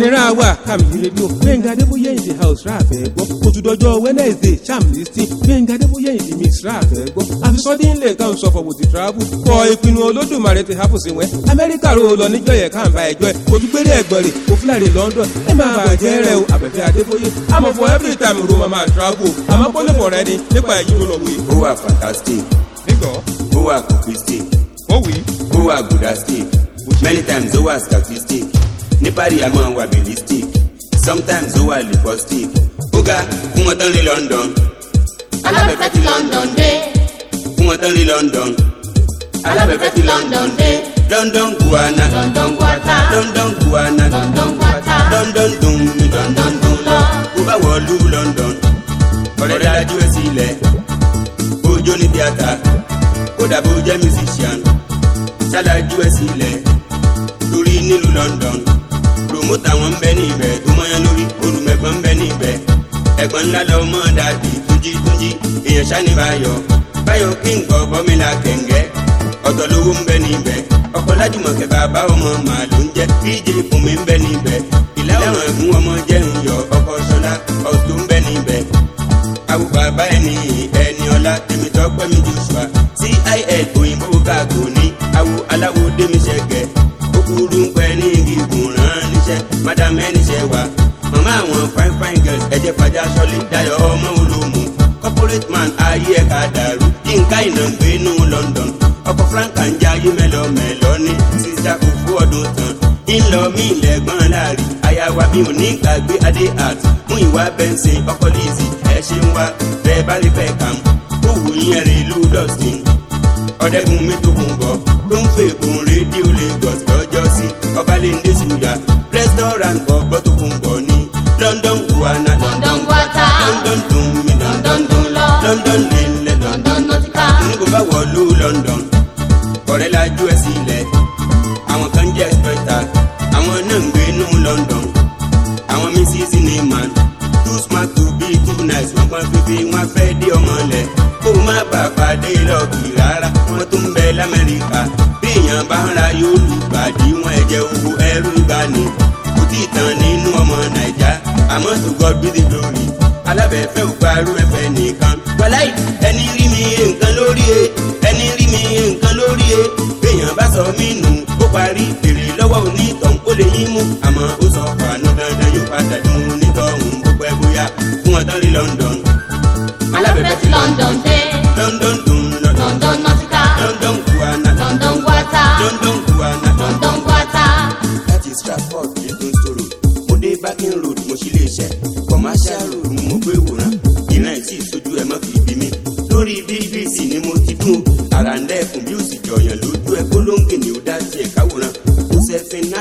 ẹnira wa kàmí rédíò gbẹ̀ngà adébóyè in house rà fẹ́ gbọ́ òtúndọ̀jọ́ wednesday sam listing gbẹ̀ngà adébóyè in the mix gbọ́ àfisọ́dí ńlẹ̀ kan sọ fọwọ́ travel kọ ìpinnu olódùmarè ti hapù sí amẹ́ríkà ro lọ níjọ́ yẹ káàmbá ẹjọ́ ẹ ojúgbére ẹ̀gbọ́nrè òfúlàrí london ẹ máa bàjẹ́ rẹ o àbẹ̀fẹ́ adébóyè àmọ́ for every time ro mama travel àmọ́ pọ́lẹ́pọ̀ rẹ ni nípa èyí ló lọ wí. ó wà fantastic. nígbọ́. ó wà kòkìstic. ó wí. ó wà gùdàstic. many times ó wà statistic ní parí a máa wà bilistic sometimes ó wà lipostic ó ga fún wọn tán rí London. alábẹ̀fẹ́ ti London dé. fún wọn tán rí London. alábẹ̀fẹ́ ti London dé. London guana. London guata. London guana. London guata. London dùn ní London dùn lọ. ó bá wọ̀ọ́lù London. ọ̀rẹ́ dájú ẹ̀ sílẹ̀. bójó ní tíátà kódà bó jẹ́ musician ṣáláàjú ẹ̀ sílẹ̀ lórí nílùú London promota wọn bẹ níbẹ̀ tó mọ́yán lórí olùmẹ̀gbọ́n bẹ níbẹ̀ ẹ̀gbọ́n ńlá lọ mọ́ dàbí tójí tójí èèyàn sani báyọ̀ báyọ̀ kí nǹkan bọ́mìlà kẹ̀ǹgẹ́ ọ̀tọ̀ lówó ń bẹ níbẹ̀ ọkọ̀ lájùmọ̀kẹ́ bàbá ọmọ màá ló ń jẹ́ bíjé kùnmí ń bẹ níbẹ̀ ìlà ọ̀rọ̀ ẹ̀gún ọmọ jẹ́ ìyọ̀ ọkọ̀ sọlá ọ̀tún ń bẹ níbẹ̀ àwùjọ bàbá ẹni ẹni ọlá tèmi tọ́pẹ́ mi joshua cil òyìnbó káàkó ní awo aláwo démi ṣẹ̀gẹ̀ ó ń p madam ẹni ṣe wà màmá àwọn fine fine girls ẹ̀jẹ̀ fàjà sọ́lé dayọ̀ ọmọ olómù corporate man ayé ẹ̀ka dàrú yínká ìnàgbé nù London ọkọ̀ franca ń jayé mẹ́lọ mẹ́lọ ní sísá òfu ọdún tán ńlọ mí lẹ́gbọ́n láàrin àyàwó mi ò ní gbàgbé adé art mú ìwà bẹ́ńsì ọkọ̀ lìzì ẹ̀ ṣe ń wá bẹ́ẹ̀ bá lè fẹ́ kà mú òwò yẹn rè lù dustin ọ̀dẹ́gun mi tó kún bọ̀ ló ń fèkùn rédíò Lagos lọ́jọ́ sí ọbalẹ̀ ń dé sùúyà tó ń bọ̀ ní dandan wa na dandan wa ta dandan dun mi dandan dun lọ dandan lílẹ̀ dandan nọtíkà. n kò bá wọlú London ọ̀rẹ́ la ju ẹ sílẹ̀ àwọn kan jẹ́ expectant àwọn náà ń gbé nù London àwọn mrs neeman too smart to be too nice wọn kàn fífi wọn fẹ́ dé ọmọ lẹ̀ kó má bàa pàdé lọ́ọ̀kì rárá wọn tún bẹ l'Amẹ́ríkà bí èèyàn bá ń ra yóò lùgbàdì wọn ẹ̀jẹ̀ owó ẹrú ìgbani kò tí ì tán àmọ́ to God be the glory alábẹ̀fẹ́ ò parú ẹ̀fẹ́ nìkan. wàláì ẹni rí mi nǹkan lórí e ẹni rí mi nǹkan lórí e béèyàn bá sọ mí nù ó parí bèrè lọ́wọ́ onítàn ó lè yín mú àmọ́ ó sọ pàánù dandan yóò padà dùn onítọ̀hún gbogbo ẹ̀ bóyá fún ọ̀tọ́ rí London. alábẹ̀fẹ́ ti London dé London dùn London London nautica London kuana London wata London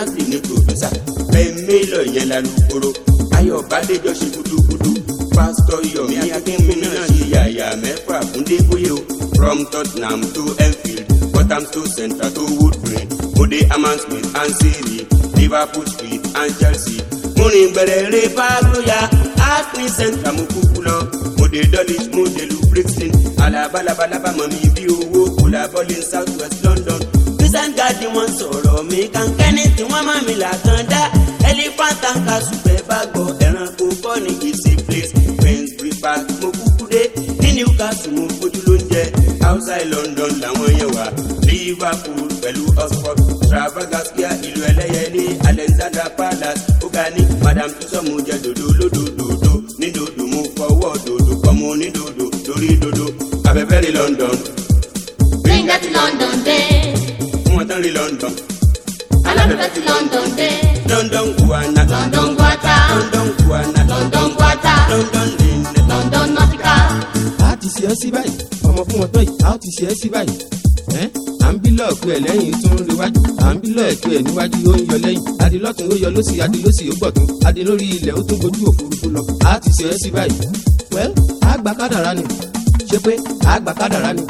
àbí ní pòfẹ́sà Fẹ́mi lọ́yẹ̀ lálùkòrò Ayọ̀ Bádéjọ́ ṣe gudugudu pásítọ̀ Yomi Akínmi náà ṣe yàyà mẹ́fà fún Débóyè o from Tottenham to Enfield Tottenham to centre to Woodgreen Mode Amand Smith and Siri Liverpool Street and Chelsea múrin gbẹrẹrẹ bá lóya ápín sẹńtà mú kúkú lọ mòde dulwich mòde lu brixton alabalabalaba mọ̀ mi bí owó kò làbọ́lé south west london prison Garden, wọn sọ̀rọ̀ mi kànkẹ́ ní tiwọn mọ̀ mi làkàndá elephant and castle bẹ́ẹ̀ bá gbọ́ ẹranko kọ́ ni is a place friends breakfast mo kúkú dé ní Newcastle mo fojú ló ń jẹ outside London làwọn yẹn wà Liverpool pẹ̀lú Oxford Travagaskia ìlú ẹlẹ́yẹlé Alexander Palace ogani madam tussauds mo jẹ dòdò lódòdòdò ní dòdò mo fọwọ́ dòdò kọ́ mo ní dòdò lórí dòdò abẹ́fẹ́ ní London. bring that to London. London, London day. London Guana. London Guata. London Guana. London Guata. London Lin. London Nautica. A ti ṣe ẹ́ sí báyìí, ọmọ fún ọtọ́ yìí, a ti ṣe ẹ́ sí báyìí. Ẹ́ àǹbílọ̀ọ̀kù ẹ̀ lẹ́yìn tún ń riwájú àǹbílọ̀ọ̀kù ẹ̀ níwájú ó ń yọ lẹ́yìn adilọ́tún ó yọ lọ́sì adilọ́sì ó gbọ̀tún adilórí ilẹ̀ ó tún gbójú òfurufú lọ a ti ṣe é sí báyìí. wẹ́ẹ́ àgbà kádàrá ni ṣé pé àgbà kádàrá ni.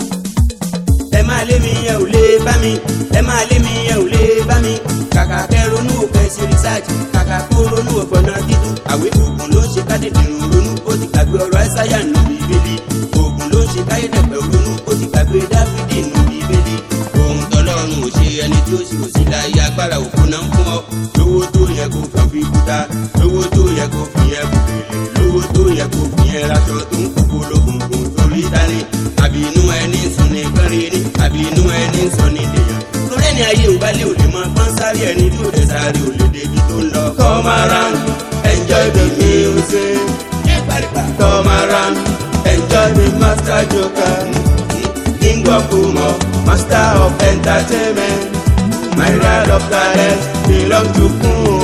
ẹ máa lé mi ẹ ò lè bá mi ẹ máa lé mi ẹ ò lè bá mi kàkà kẹ́ ronú òkè ṣe rìsáàjì kàkà kó ronú ọ̀pọ̀nà dídú àwé oògùn ló ń ṣe kádìdìrú ronú ó ti gbàgbé ọ̀rọ̀ ẹ́sáyà nù bíbélì oògùn ló ń ṣe káyédẹ̀pẹ̀ ronú ó ti gbàgbé dáfídì nù bíbélì ohun tọ́lọ́run ò ṣe ẹni tí ó ṣe òsì láyé agbára òkú náà ń fún ọ lówó tó yẹ kó kàn fi kúta lówó tó yẹ kó fi yẹ bùbèrè lówó tó yẹ kó fi yẹ raṣọ tó ń kókó lókun táyé ò bá lé òní mọ pánsárì ẹni tó dẹ̀ sáré ò lè tó ń lọ. come around enjoy the music. come around enjoy the master joker. king of humor master of entertainment my ride of talent belong to kun.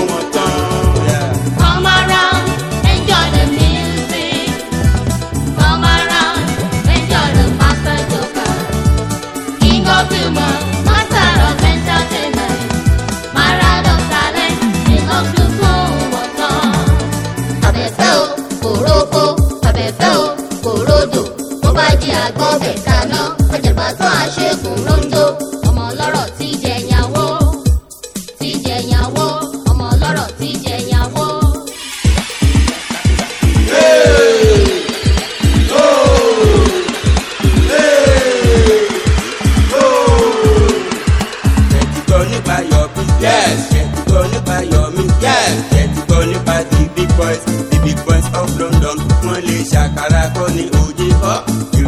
tí àgbọ̀bẹ̀ kaná ọ̀jẹ̀bà tó àṣekùn rondo ọmọ ọlọ́rọ̀ tí jẹ yàwó tí jẹ yàwó ọmọ ọlọ́rọ̀ tí jẹ yàwó. Yes, get to go nípa Yomi. Yes, get to go nípa the big boys, the big boys of London. Wọ́n lè ṣàkàrà kọ́ ní òjì ọ́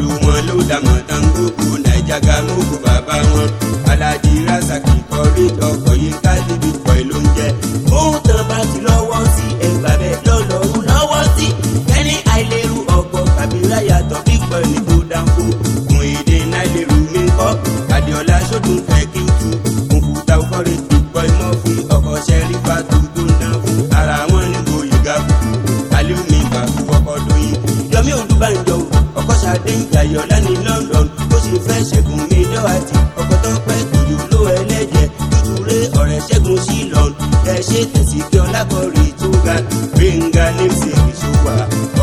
ìlú wọn ló dàmọ̀ tán gbogbo nàìjà gamókù bàbá wọn alájí rasaki kọrí ọkọ̀ yìí kálíbi pọ̀ ló ń jẹ. ohun tán bá ti lọ́wọ́ sí ẹgbà bẹ́ẹ̀ lọ́lọ́run lọ́wọ́ sí kẹ́ni àìlérú ọ̀pọ̀ kàbírà yàtọ̀ pípọ̀ ní kó dáńkó. òun èdè náà mi kọ́ adéọlá sódùn fẹ́ kí n tu òkúta ọkọ̀rẹ́ pípọ̀ ìmọ̀ fún ọkọ̀ sẹ́rí pàtó tó ń dán fún ara wọn ní gboyè gàkú alẹ́ òní ìgbà fún ọkọ ṣàdé ìjàyọ̀ lẹ́ni London ó sì fẹ́ ṣẹ́gun mi lọ́wọ́tì ọkọ tó pẹ́ tòyú ló ẹlẹ́jẹ̀ tútúrẹ́ ọ̀rẹ́ ṣẹ́gun sí lọ́n ẹ ṣe tẹ̀sí kí ọlákọ̀ọ́rì tó ga gbẹ̀ngà ní ìṣèlú ṣùgbọ́n.